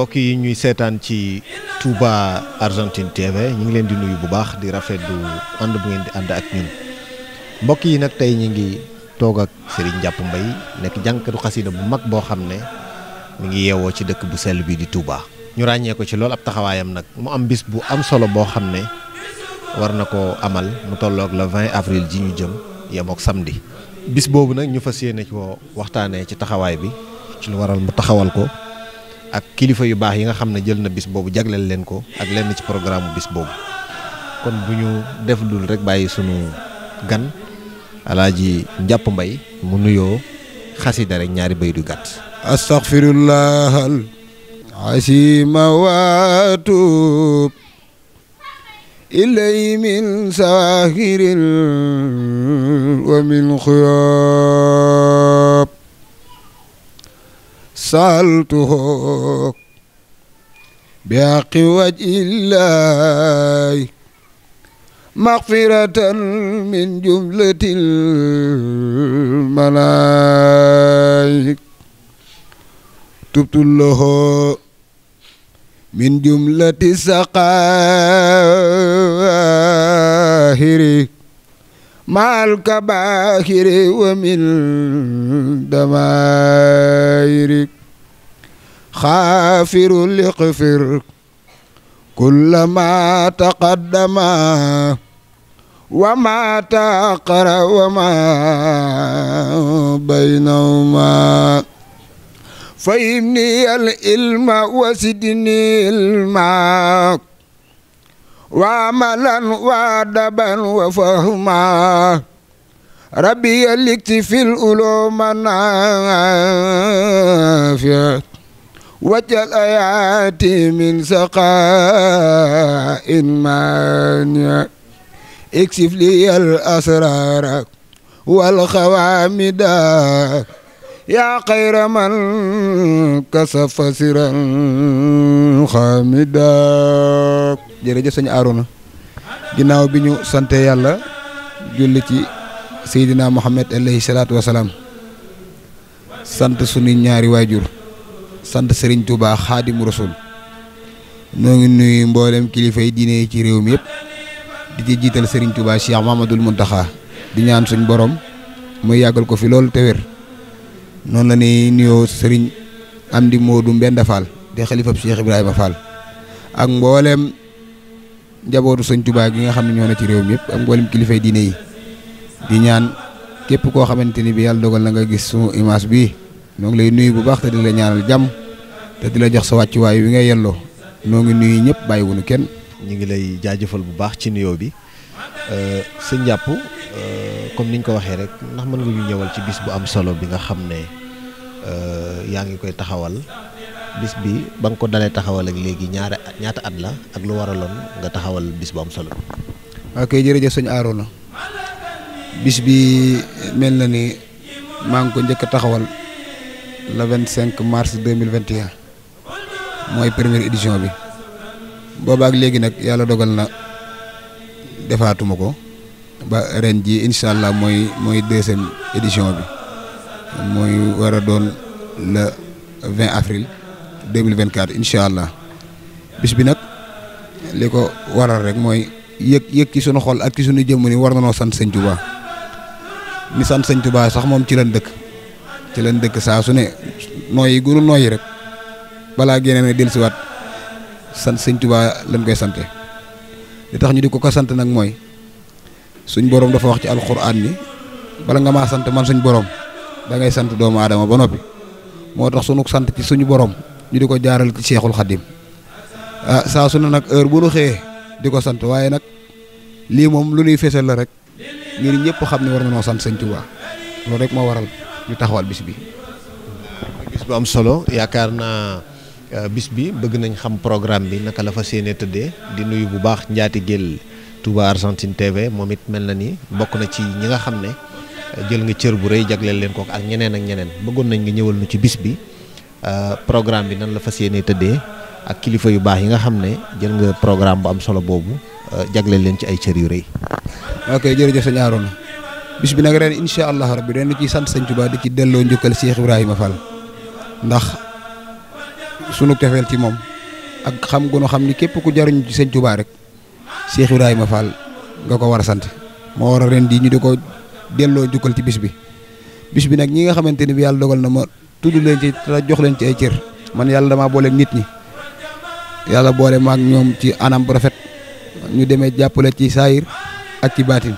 mbokk yi ñuy seetaan ci tuuba Argentine TV ñu ngi leen di nuyu bu baax di rafet du ànd bu ngeen di ànd ak ñun mbokk yi nag tey ñu ngi toog ak Serigne jàpp mbay nekk jànkatu xasida bu mag boo xam ne mu ngi yeewoo ci dëkk bu sell bii di Touba. ñu ràññee ko ci loolu ab taxawaayam nag mu am bis bu am solo boo xam ne war na ko amal mu tolloog le 20 avril ji ñu jëm yemook samedi bis boobu nag ñu fas yéene ci woo waxtaanee ci taxawaay bi ci lu waral mu taxawal ko. ak kilifa yu bax yi nga xamne jël na bis bobu jagleel len ko ak len ci programme bis bobu kon buñu def dul rek bayyi sunu gan alaji njàpp mbay mu nuyo khassida rek ñaari bay du al astaghfirullahal asima waatub ilay min sahiril wa min khiyar وصلته بحق وجه الله مغفرة من جملة الملائكة تبت له من جملة سقاهر مع الكباهر ومن دمائرك خافر لقفر كلما تقدم وما تأقر وما بينهما فإني العلم وسدني الماء وعملا وادبا وفهما ربي الاكتفي في العلوم wajal ayaati min saqain mania iksif li al asrara wal khawamida ya khayra man kasafa siran khamida jërëjëf sëñ Arouna ginnaaw bi ñu sante yàlla julli ci Muhammad alayhi salaatu wasalaam sant sunu ñaari sant Serigne Touba Xaadimu Rasul noo ngi nuyu mboolem kilifa yi diine ci réew mi yëpp di ci jiital Serigne Touba Cheikh Mamadul Muntaxa di ñaan suñ boroom muy yàggal ko fi loolu te wér noonu la ni nuyoo Serigne Amdi Modou Mbenda Fall di xalifab Cheikh Ibrahima Fall ak mboolem njabootu sëñ Touba gi nga xam ne ñoo ne ci réew mi yëpp ak mboolem kilifa yi diine yi di ñaan képp koo xamante ni bi yàlla dogal na nga gis suñu image bii. noo ngi lay nuyu bu baax te di lay ñaanal jàmm te di la jox sa wàccuwaay wi nga yelloo moo ngi nuyu ñëpp bàyyiwunu kenn. ñu ngi lay jaajëfal bu baax ci nuyoo bi euh, sëñ jàpp euh, comme ni ñu ko waxee rek ndax mën nga ñu ñëwal ci bis bu am solo bi nga xam ne euh, yaa ngi koy taxawal bis bi ba nga ko dalee taxawal ak léegi ñaari ñaata at la ak lu waraloon nga taxawal bis bu am solo bi. waaw ah, kay jërëjëf sëñ Arouna bis bi mel na ni maa ngi ko njëkk taxawal. le vingt cinq mars deux mille vingt et mooy première édition bi boobaak léegi nag yàlla dogal na defaatuma ko ba ren ji incha allah mooy mooy deuxième édition bi mooy war a doon le vingt avril deux mille vingt quatre incha allah bis bi nag li ko waral rek mooy yëg yëg ci sunu xol ak ci sunu jëmm ni war nanoo sant sëñ Tuubaa ni sant sëñ Tuubaa sax moom ci lan dëkk. ci lañ dëkk saa su ne nooyi guru nooyi rek balaa génne ne dellusiwaat sant sëñ Tuubaa lañ koy sante li tax ñu di ko ko sant nag mooy suñ borom dafa wax ci alxuraan ni bala nga maa sant man suñ borom da ngay sant doomu aadama ba noppi moo tax sunu sant ci suñu borom ñu di ko jaaral ci Seexul Xadim ah saa su nag heure bu nu xëyee di ko sant waaye nag lii moom lu ñuy fesal la rek ngir ñëpp xam ne war na noo sant sëñ loolu rek moo waral. ñu taxawal bis bi bis bu am solo yaakaar naa eh, bis bi bëgg nañ xam programme bi naka la fasiyene tëddee di nuyu bu baax njaati gel Touba Argentine TV momit it mel na ni bokk na ci ñi nga xam ne eh, jël nga cër bu rëy jagleel leen ko ak ñeneen ak ñeneen bëggoon nañ nga ñëwal nu ci bis bi eh, programme bi nan la fasiyene tëddee ak kilifa yu baax yi nga xam ne jël nga programme bu am solo boobu jagleel leen ci ay cër yu rëy. ok jërëjëf sëñ Arouna bis bi nag reen incha allah rabbi dañu ciy sant sëñ Tuubaa di ci delloo njukkal Cheikh Ibrahima Fall ndax sunu tefeel ci moom ak xam gu nu xam ni képp ku jaruñ ci sëñ Tuubaa rek Cheikh Ibrahima Fall nga ko war a sant moo war a ren di ñu di ko delloo njukkal ci bis bi. bis bi nag ñi nga xamante ni bi yàlla dogal na ma tudd leen ci te jox leen ci ay cër man yàlla damaa boole nit ñi yàlla boole ma ak ñoom ci anam bu rafet ñu demee jàppale ci saayir ak ci baatin.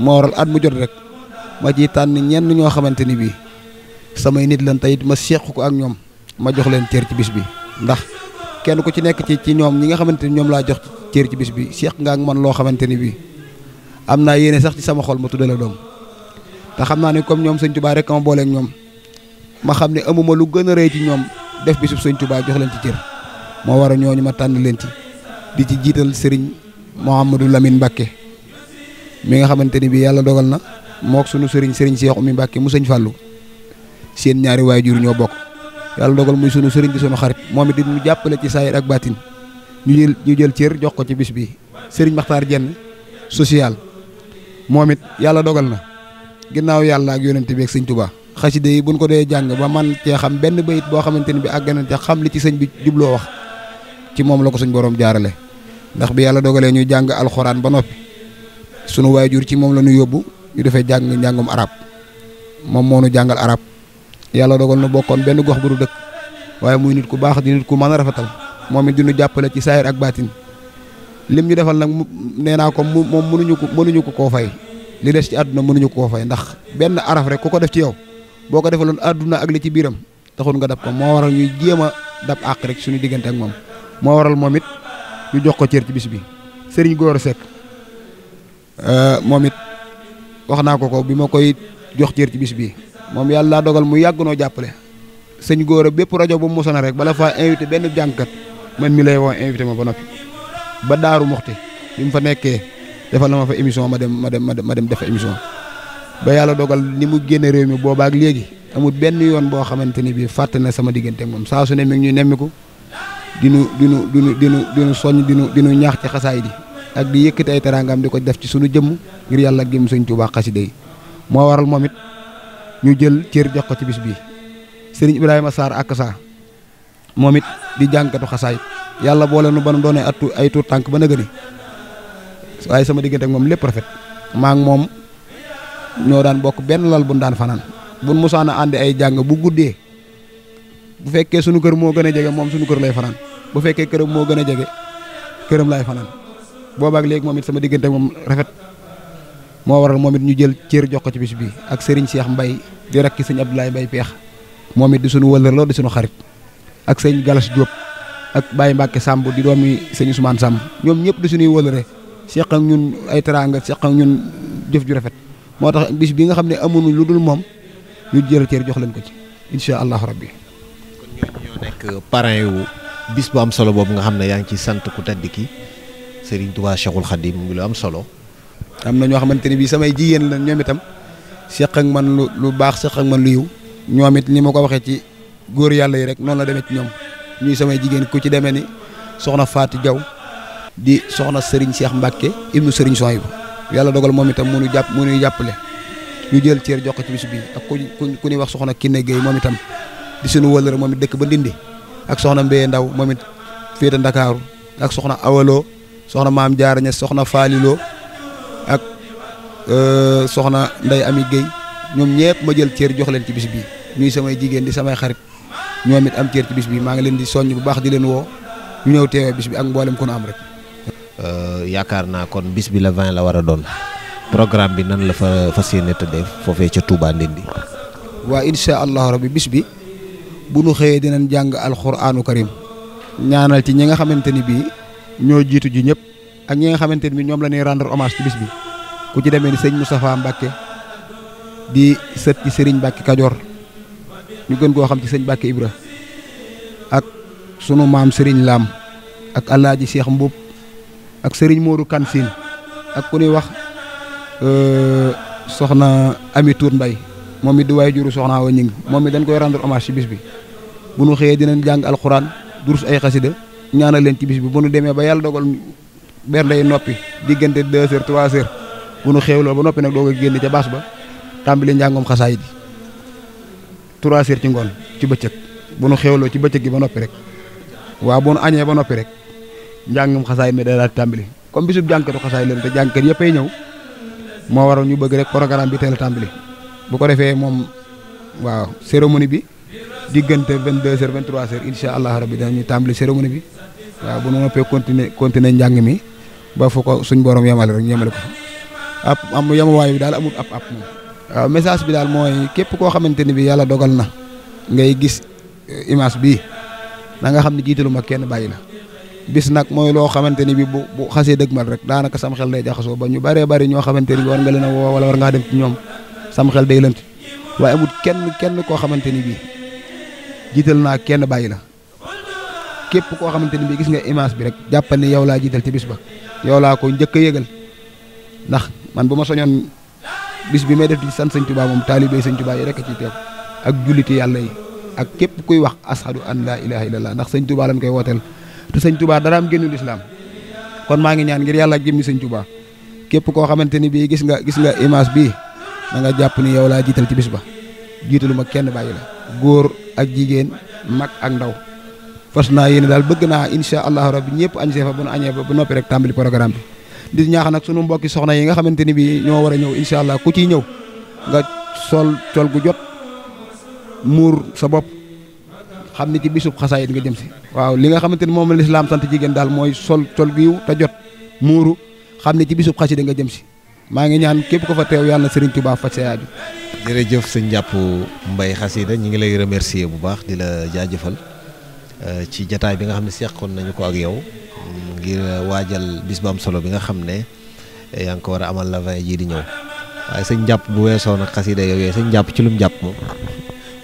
moo waral at mu jot rek ma ji tànn ñenn ñoo xamante ni bii sama nit lan tey it ma seq ko ak ñoom ma jox leen cër ci bis bi ndax kenn ku ci nekk ci ci ñoom ñi nga xamante ni ñoom laa jox cër ci bis bi seq nga ak man loo xamante ni bii am naa yéene sax ci sama xol ma tuddale doom te xam naa ni comme ñoom sëñ Tuubaa rek ma booleeg ñoom ma xam ne amuma lu gën a rëy ci ñoom def bisub sëñ Tuubaa jox leen ci cër moo war a ñooñu ma tànn leen ci di ci jiital sëriñ Mouhamadou Lamine Mbacke mi nga xamante ni bii yàlla dogal na mook sunu sëriñ sëriñ Seex Umi Mbàkke mu sëñ Fàllu seen ñaari waajur ñoo bokk yàlla dogal muy sunu sëriñ di sunu xarit moom it mu jàppale ci saayir ak baatin ñu ñu jël cër jox ko ci bis bi sëriñ Maxtaar Jenn social moom it yàlla dogal na ginnaaw yàlla ak yonent bi ak sëñ Tuubaa xaside yi buñ ko dee jàng ba man cee xam benn bayit boo xamante ni bi àgg na te xam li ci sëñ bi jubloo wax ci moom la ko suñ boroom jaarale ndax bi yàlla dogalee ñuy jàng alxuraan ba noppi sunu waay jur ci moom la ñu yóbbu ñu defee jàng njàngum arab moom moo nu jàngal arab yàlla dogal nu bokkoon benn gox bu du dëkk waaye muy nit ku baax di nit ku mën a rafetal moom it di nu jàppale ci saayir ak baatin lim ñu defal nag nee naa ko mu moom mënuñu ko mënuñu ko koo fay li des ci àdduna mënuñu ko koo fay ndax benn araf rek ku ko def ci yow boo ko defaloon àdduna ak li ci biiram taxul nga dab ko moo waral ñuy jéem a dab àq rek suñu diggante ak moom moo waral moom it ñu jox ko cër ci bis bi Serigne Gora Seck Euh, moom it wax naa ko ko bi ma koy jox cër ci bis bii moom yàlla laa dogal mu yàgg noo jàppale sëñ góor bépp rajo bu mu mosana rek bala faa invité benn jànkat man mi lay woo invité ma ba noppi ba daaru moxti bi mu fa nekkee defal na ma fa émission ma dem ma dem ma dem def fa émission ba yàlla dogal ni mu génne réew mi boobaak léegi amul benn yoon boo xamante ni bii fàtte na sama diggante moom saa su ne mi ngi ñuy nemmiku dinu dinu dinu dinu dinu soññ dinu dinu ñaax ci xasaay ak di yëkkati ay terangam di ko def ci sunu jëm ngir yàlla gim sëñ Tuubaa xasida yi moo waral momit ñu jël cër jox ko ci bis bi sëriñ Ibrahima sar ak sa momit di jànkatu xasaay yàlla leenu ban doone atu ay tuur tànk ba nëgëni waaye sama diggante ak moom lépp rafet maa ngi moom ñoo daan bokk benn lal bu daan fanaan bu musana a ay jàng bu guddee bu fekkee sunu kër moo gën a jege sunu kër lay fanan bu fekkee këram moo gën a jege lay fanan boba ak leg momit sama diggante mom rafet mo waral momit ñu jël cër jox ko ci bis bi ak Serigne Cheikh mbay di rakk serigne Abdoulaye mbay Peex momit it di suñu wëlër lo di suñu xarit ak serigne Galas Diop ak Baye Mbacke sambu di doomi serigne Ousmane sam ñom ñëpp di suñu wëlëré cheikh ak ñun ay teranga cheikh ak ñun jëf ju rafet motax bis bi nga xamné ne amuñu lu dul ñu jël cër jox leen ko ci incha allahu rabbi. kon ñoo ñoo nekk parrain wu bis bu am solo bobu nga xamné ne ci sante ku tedd ki Serigne Touba Cheikhul Khadim mu am na ñoo xamante ne bii samay jigéen la ñoom itam seq ak man lu lu baax seq ak man lu yiw ñoom it ni ma ko waxee ci góor yàlla yi rek la demee ci ñoom ñuy samay jigéen ku ci demee ni soxna Fatou Diaw di soxna Serigne Cheikh Mbacke ibnu Serigne Sohaibou yàlla dogal moom itam mënu jàpp mënuy jàppale ñu jël cër jox ko ci bis bi ak ku ku ñuy wax soxna Kiné Gueye moom itam di sunu wëllëre moom it dëkk ba Ndindi ak moom it féete Ndakaaru ak soxna Awalo soxna maam Diarra Niass soxna Faliloo ak euh, soxna Ndeye Ami Guèye ñoom ñëpp ma jël cër jox leen ci bis bi ñuy samay jigéen di samay xarit ñoom it am cër ci bis bi maa ngi leen di soññ bu baax di leen woo ñu ñëw teewee bis bi ak mboolem ku am rek. Euh, yaakaar naa kon bis bi la 20 la war a doon programme bi nan la fa fas yéene tëddee foofee ca Touba Ndindi. waa incha allahu rabbi bis bi bu nu xëyee dinañ jàng alxuraanu karim ñaanal ci ñi nga xamante ni bii. ñoo jiitu ji ñëpp ak ñi nga xamante ni ñoom la ñuy rendre hommage ci bis bi ku ci demee ni sëñ Moustapha Mbacke di sët ci sëriñ Mbacke Kajoor ñu gën koo xam ci sëñ Mbacke Ibra ak sunu maam sëriñ Lam ak ji Cheikh Mbuub ak sëriñ Modou Kansin ak ku ñuy wax euh, soxna Ami Tour Mbay moom it di waay juru soxna wa ñing moom it dañ koy rendre hommage ci bis bi bu nu xëyee dinañ jàng alxuraan durus ay xasida ñaana leen ci bis bi bu nu demee ba yàlla dogal bernde yi noppi diggante deux heures trois heures bu nu xéewloo ba noppi nag doog a génn ca baas ba tàmbali njàngum xasaayit yi trois heures ci ngoon ci bëccëg bu nu xéewloo ci bëccëg gi ba noppi rek waaw bu nu añee ba noppi rek njàngum xasaayit mi da daal tàmbili comme bisub jànkatu xasaayit leen te jànkat yëpp ay ñëw moo waroon ñu bëgg rek programme bi teel a tàmbali bu ko defee moom waaw cérémonie bi diggante 22h 23h incha allah rabi danañu tàmbali cérémonie bi waaw bu ñu noppee continuer continuer njàng mi ba fu ko suñ borom yemale rek yemale ko ab am yamawaay bi daal amul ab ab waaw message bi daal mooy képp koo xamante ni bi yàlla dogal na ngay gis eh, image bi na nga xam ne jiitalu ma kenn bàyyi la bis nag mooy loo xamante ni bi bu bu xasee dëgmal rek daanaka sam xel day jaxasoo ba ñu bëree bëri ñoo xamante ni bi war nga leen a woo wala war ngaa dem ci ñoom sam xel day lënt waaye amul kenn kenn koo xamante ni bii jital naa kenn bàyyi la képp koo xamante ni bi gis nga image bi rek jàppal ni yow laa jiital ci bis ba yow laa ko njëkk a yëgal ndax man bu ma soñoon bis bi may def di san sëñ Tuubaa moom taalibe sëñ Tuubaa yi rek ci ciy teew ak julliti yàlla yi ak képp kuy wax ashadu an la ilaha illallah ndax sëñ Tuubaa lan koy wooteel te sëñ Tuubaa dara am génnul islaam kon maa ngi ñaan ngir yàlla ak jëmmi sëñ Tuubaa képp koo xamante ni bii gis nga gis nga image bii da nga jàpp ni yow laa jiital ci bis ba jiitalu kenn bàyyi la góor ak jigéen mag ak ndaw fas naa yéene daal bëgg naa incha allah rabbi ñëpp añ see fa bu nu añee ba bu noppi rek tàmbali programme bi di ñaax nag sunu mbokki soxna yi nga xamante ni bi ñoo war a ñëw incha allah ku ciy ñëw nga sol col gu jot muur sa bopp xam ni ci bisub xasaayit nga jëm si waaw li nga xamante ni moom lislaam sant jigéen daal mooy sol col gu te jot muuru xam ni ci bisub xasida nga jëm si maa ngi ñaan képp ko fa teew yàlla na Serigne Touba faj sa yaaju jërëjëf sëñ jàpp Mbaye Xasida ñu ngi lay remercier bu baax di la jaajëfal euh, ci jataay bi nga xam ne seqoon nañu ko ak yow mm, ngir waajal bis bu am solo bi nga xam ne eh, yaa a amal la vingt jii di ñëw waaye sëñ jàpp bu weesoo nag xasida yooyu sëñ jàpp ci lu mu jàpp moom.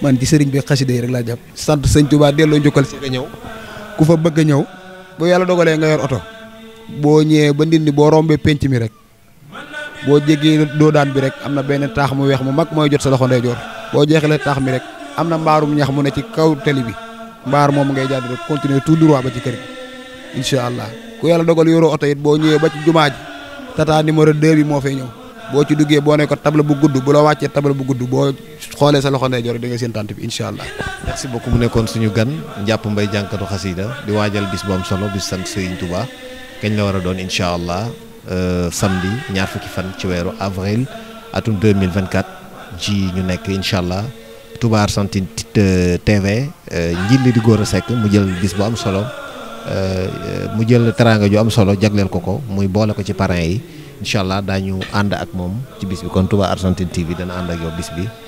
man ci sëriñ bi xasida yi rek laa jàpp. sant sëñ tubaa delloo njukkal si ñëw ku fa bëgg a ñëw bu yàlla dogalee nga yor oto boo ñëwee ba ndindi boo rombee penc mi rek boo do doodaan bi rek amna benn tax mu weex mu mag moy jot sa loxo jor bo jéxlé tax mi rek amna na mbaarum ñax mu ne ci kaw télé bi mbar mom ngay continuer tout droit ba ci kër inshallah ku yalla dogal yoro auto yit bo ñëwé ba ci jumaaj tata numéro 2 bi mo fay ñëw bo ci duggé bo ne ko table bu gudd bu la wacce table bu gudd bo xolé sa loxo jor da nga seen tante bi inshallah allah. merci beaucoup mu nekkon suñu gan jàpp mbay jankatu di wajal bis bu am solo bis sant Serigne Touba kagn la wara don inshallah Euh, samedi ñaar fukki fan ci weeru avril atum 2024 ji ñu nekk incha allah Touba Argentine TV euh, njiit li di a sekk mu jël bis bu am solo euh, mu jël teraanga ju am solo jagleel ko ko muy boole ko ci parrain yi incha allah daañu ànd ak moom ci bis bi kon Touba Argentine TV dana ànd ak yow bis bi.